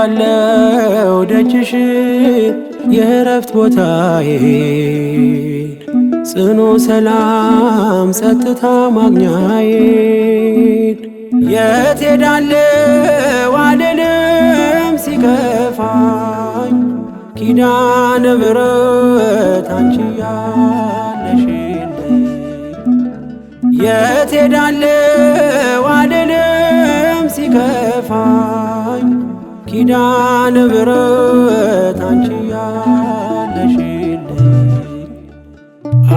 አለው ደጅሽ የእረፍት ቦታዬ ጽኑ ሰላም ጸጥታ ማግኛዬን የት ሄዳለው አልልም ሲከፋኝ ኪዳነ ምሕረት አንቺ ያለሽልኝ የት ሄዳለው አልልም ሲከፋኝ ኪዳነ ምሕረት አንቺ ያለሽልኝ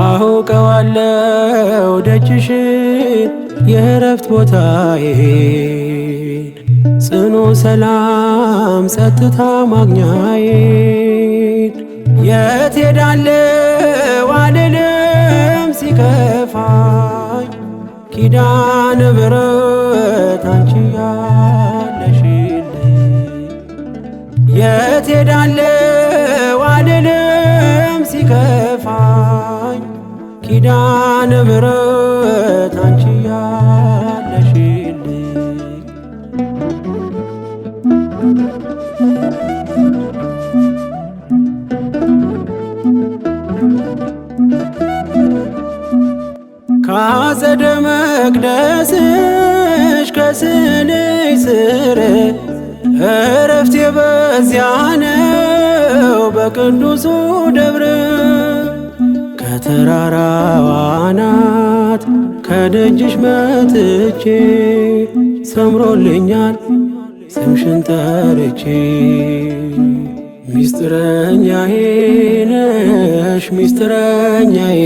አውቀዋለው ደጅሽን የእረፍት ቦታዬን ጽኑ ሰላም ጸጥታ ማግኛዬን የት ሄዳለው አልልም ሲከፋኝ ኪዳነ ምሕረት አንቺ የት ሄዳለሁ አልልም ሲከፋኝ ኪዳነ ምሕረት አንቺ ያለሽልኝ ካጸደ መቅደስሽ ከስንኝ ስር የበዚያ ነው በቅዱሱ ደብረ ከተራራዋ ናት ከደጅሽ መጥቼ ሰምሮልኛል ስምሽን ጠርቼ ሚስጥረኛዬ ነሽ ሚስጥረኛዬ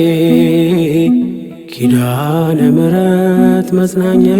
ኪዳነ ምሕረት መጽናኛዬ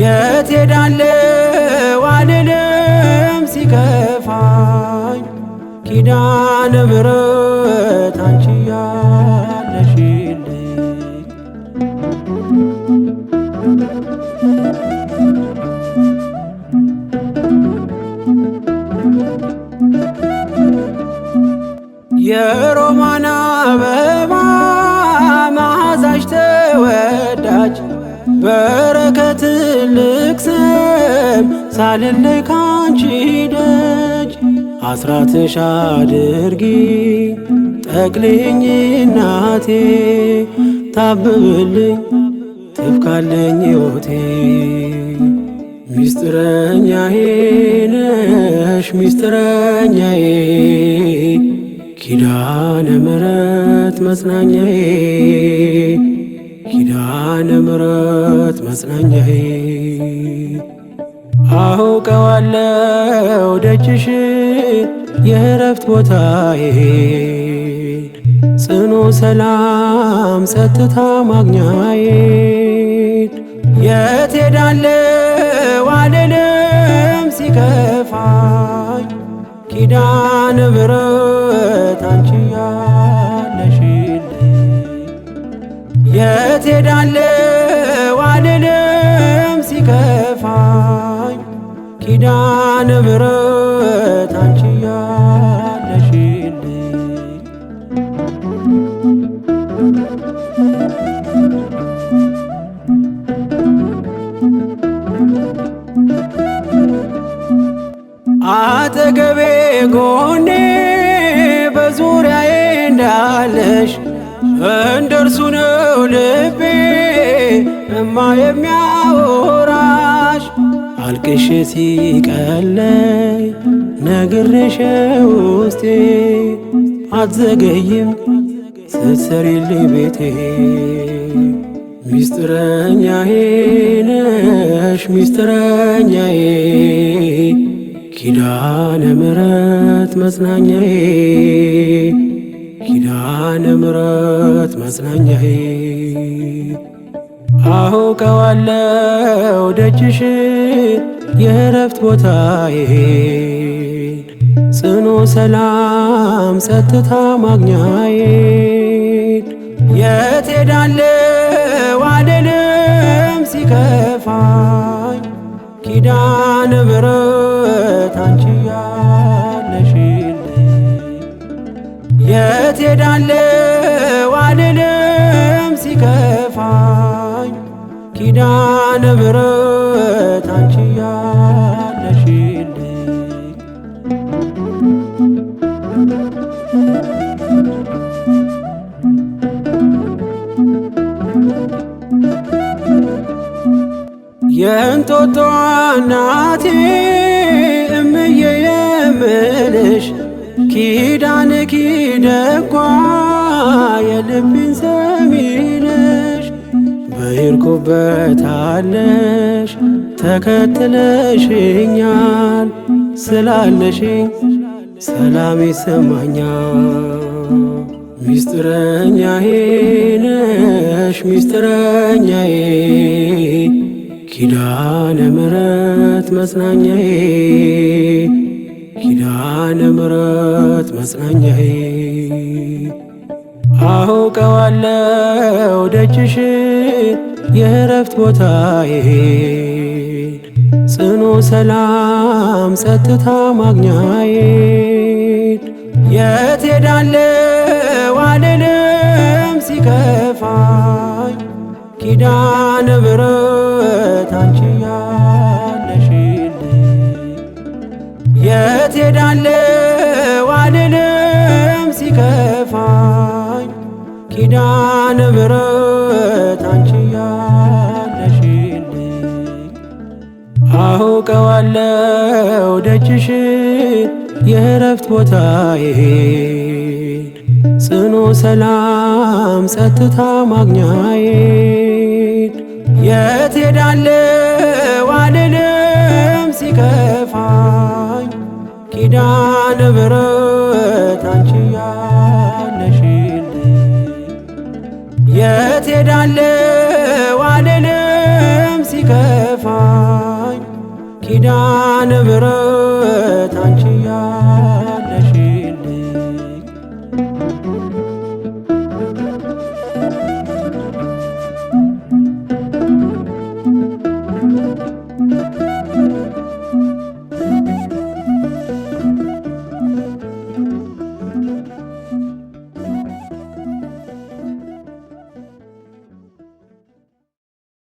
የት ሄዳለሁ አልልም ሲከፋኝ ኪዳነ ምሕረት አንቺ ያለሽልኝ የሮማን አበባ መዓዛሽ ተወዳጅ ሳልለይ ካንቺ ደጅ አስራትሽ አድርጊ ጠቅልኝ እናቴ ታብብልኝ ትብካለኝ ሕይወቴ ሚስጥረኛዬ ነሽ ሚስጥረኛዬ ኪዳነ ምሕረት መጽናኛዬ ኪዳነ ምሕረት መጽናኛዬ አውቀዋለው ደጅሽ የእረፍት ቦታዬ ጽኑ ሰላም ጸጥታ ማግኛዬ የት ሄዳለው አልልም ሲከፋኝ ኪዳነ ምሕረት አንቺ ያለሽልኝ የት ሄዳለው ኪዳነ ምሕረት አንቺ ያለሽልኝ አጠገቤ ጎኔ በዙሪያዬ እንዳለሽ እንደርሱ ነው ልቤ እማ የሚያው አልቅሽ ሲቀለይ ነግርሽ ውስጤ አትዘገይም ስትሰሪልኝ ቤቴ ሚስጥረኛዬ ነሽ ሚስጥረኛዬ ኪዳነ ምሕረት መጽናኛዬ ኪዳነ ምሕረት መጽናኛዬ አውቀዋለሁ ደጅሽ የእረፍት ቦታዬ ጽኑ ሰላም ጸጥታ ማግኛዬ የት ሄዳለሁ አልልም ሲከፋኝ ኪዳነ ምሕረት አንቺ የት ሄዳለሁ አልልም ሲከፋኝ ኪዳነ ምሕረት ሕይወት አንቺ ያለሽልኝ የእንጦጦ እናቴ እምዬ የምልሽ ኪዳን ኪደጓ የልብን በሄድኩበት አለሽ ተከትለሽኛል ስላለሽኝ ሰላም ይሰማኛል። ሚስጥረኛዬ ነሽ ሚስጥረኛዬ ኪዳነ ምሕረት መጽናኛዬ ኪዳነ ምሕረት መጽናኛዬ አውቀዋለው ደጅሽ የእረፍት ቦታዬ ጽኑ ሰላም ጸጥታ ማግኛዬ የት ሄዳለሁ አልልም ሲከፋኝ ኪዳነ ምሕረት አንቺ ያለሽልኝ የት ሄዳለሁ አልልም ሲከፋኝ ኪዳነ ምሕረት አንቺ ያለሽልኝ አውቀዋለሁ ደጅሽን የእረፍት ቦታዬን ጽኑ ሰላም ጸጥታ ማግኛዬን የት ሄዳለሁ አልልም ሲከፋኝ ኪዳነ ምሕረት እወዳለው አልልም ሲከፋኝ ኪዳነ ምህረት